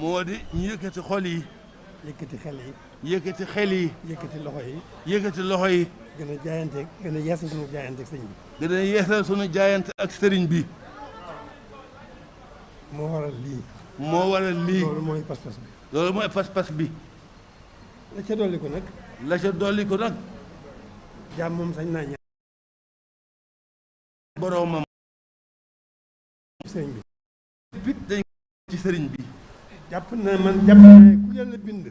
moo di ñu yëkkati xol yi. yëkkati xel yi. yëkkati xel yi. yëkkati loxo yi. yëkkati loxo yi. gën a jaayante gën a yeesal sunu jaayante ak sëriñ bi. gën a yeesal sunu jaayante ak sëriñ bi. mooy pas bi. loolu mooy pas bi. la ca dolli ko nag. la ca dolli ko nag. jàmm sañ naa ñaan. boroomam. sëriñ bi. jàpp na man jàpp na ku yàlla bind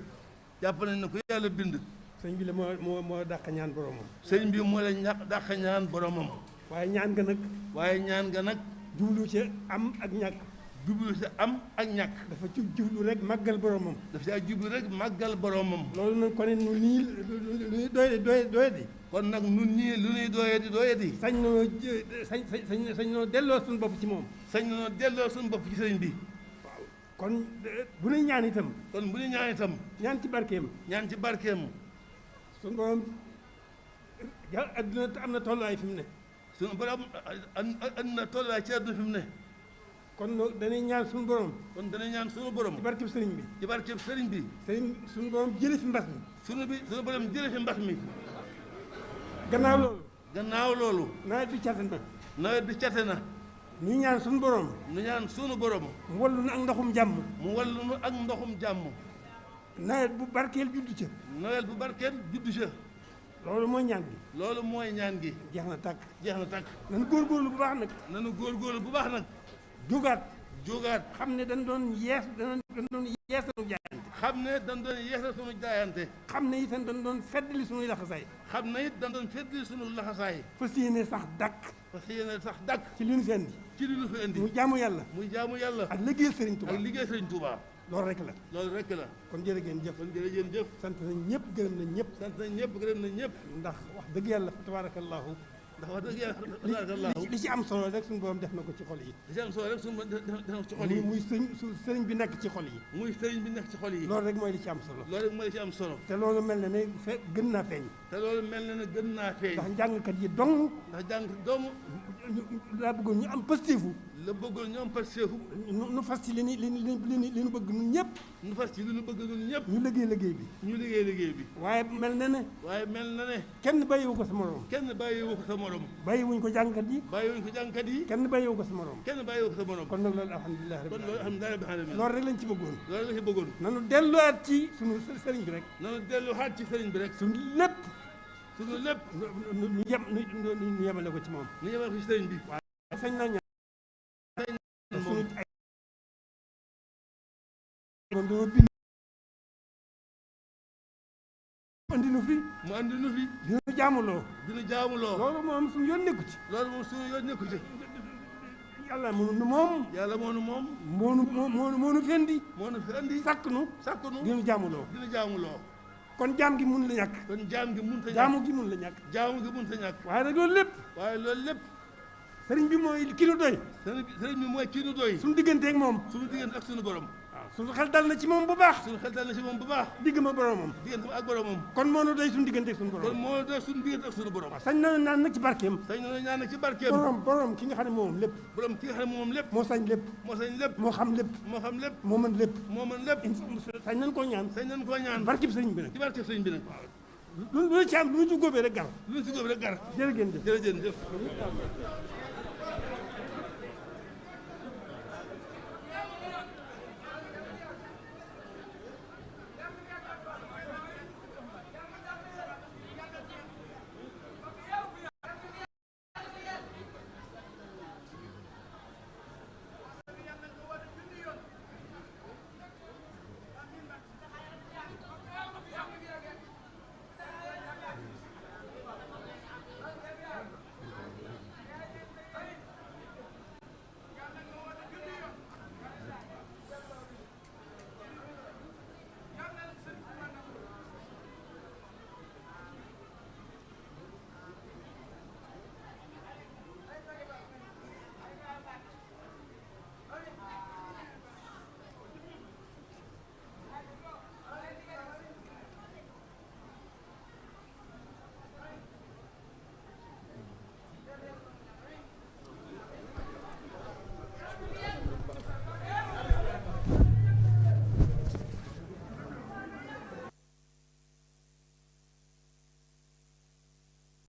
jàpp nañ ne ku yàlla bind sëñ bi la moo moo moo dàq ñaan boromam sëñ bi moo la ñaq dàq ñaan boromam waaye ñaan nga nag waaye ñaan nga nag jublu ci am ak ñàkk jublu ci am ak ñàkk dafa ci jublu rek màggal boromam dafa ci jublu rek màggal boromam loolu nag kon nu nii lu ñuy doye doye doye di kon nag nun ñii lu ñuy doye di doye di sañ noo sañ sañ sañ noo delloo suñu bopp ci moom sañ noo delloo suñu bopp ci sëñ bi kon eh, bu nuy ñaan itam. kon bu nuy ñaan itam. ñaan ci barkeem. ñaan ci barkeem. suñu borom ja adduna am na tolluwaay fi mu ne. suñu borom adduna tolluwaay ci adduna fi ne. kon dañuy ñaan suñu borom. kon dañuy ñaan suñu borom. ci barkeem sëriñ bi. ci barkeem sëriñ bi. sëriñ suñu borom jëlee fi mbas mi. suñu bi suñu borom jëlee fi mbas mi. gannaaw loolu. gannaaw loolu. nawet bi cate na. nawet bi cate ñu ñaan suñu borom. ñu ñaan suñu borom. mu wallu na ak ndoxum jàmm. mu wallu na ak ndoxum jàmm. nawet bu barkeel juddu ca. nawet bu barkeel juddu ca. loolu mooy ñaan gi. loolu mooy ñaan gi. jeex na tàkk. jeex na tàkk. nanu góorgóorlu bu baax nag. nanu góorgóorlu bu baax nag. jógaat. jógaat xam ne dañ doon yees dañ doon yees sunu jaayante xam ne dañ doon yeesal sunu jaayante xam ne itam dañ doon feddali sunuy laxasaay xam ne it dañ doon feddali sunu laxasaay fas yéene sax dakk fas yéene sax dakk ci li ñu fi indi ci li ñu fi indi muy jaamu yàlla muy jaamu yàlla ak liggéeyal Sëriñ Tuubaa ak liggéeyal Sëriñ Tuubaa loolu rek la loolu rek la kon jërë ngeen jëf kon jërë ngeen jëf sant nañ ñëpp gërëm nañ ñëpp sant nañ ñëpp gërëm nañ ñëpp ndax wax dëgg yàlla fa tabaarakallahu ndax wax dëgg yàlla li ci am solo rek suñu borom def na ko ci xol yi li ci am solo rek suñu borom def muy sëriñ bi nekk ci xol yi muy sëriñ bi nekk ci xol yi loolu rek mooy li ci am solo loolu mooy li ci am solo te loolu mel na ne fe gën naa feeñ te loolu mel na ne gën naa feeñ ndax kat yi dong ndax jàngkat dong laa bëggoon ñu am positif la bëggoon ñu am pasteefu nu fas ci li ñu li ñu li ñu bëgg ñun ñëpp nu fas ci li ñu bëgg ñun ñëpp ñu liggéey liggéey bi ñu liggéey liggéey bi waaye mel na ne waaye mel na ne kenn bàyyiwu ko sa morom kenn bàyyiwu ko sa morom bàyyiwuñ ko jàngkat yi bàyyiwuñ ko jàngkat yi kenn bàyyiwu ko sa morom kenn bàyyiwu ko sa morom kon nag loolu alhamdulilah kon loolu alhamdulilah rabbil alamin loolu rek lañ ci bëggoon loolu rek lañ ci bëggoon nanu delluwaat ci suñu sëriñ bi ci suñu lépp ñu yem ñu yemale ko ci moom ñu yemale bi sañ nañ doo bind andi nu fi mu andi nu fi dina jaamuloo dina loolu moom suñu yoon nekku ci loolu moom moo nu moom yàlla moo nu fendi moo nu fendi sàkk nu sàkk nu dina jaamuloo kon jaam gi mun la ñàkk kon jaam gi mun jaamu gi mun la ñàkk jaamu gi mun ta ñàkk waaye nag loolu lépp waaye bi mooy ki nu doy sëriñ bi mooy ki moom suñu diggante ak borom suñu xel dal na ci moom bu baax suñu xel dal na ci moom bu baax digg ma boromam digg ma ak boromam kon moo nu doy suñu diggante ak suñu borom kon moo doy suñu diggante ak suñu borom sañ nañu naan nag ci barkeem sañ nañu naan nag ci barkeem borom borom ki nga xam ne moom lépp borom ki nga xam ne moom lépp moo sañ lépp moo sañ lépp moo xam lépp moo xam lépp moo mën lépp moo mën lépp sañ nañ koo ñaan sañ nañ koo ñaan barkeb sëñ bi nag ci barkeb sëñ bi nag lu lu ci am lu ñu ci góobee rek gar lu ñu ci góobee rek gar jërëjëf jërëjëf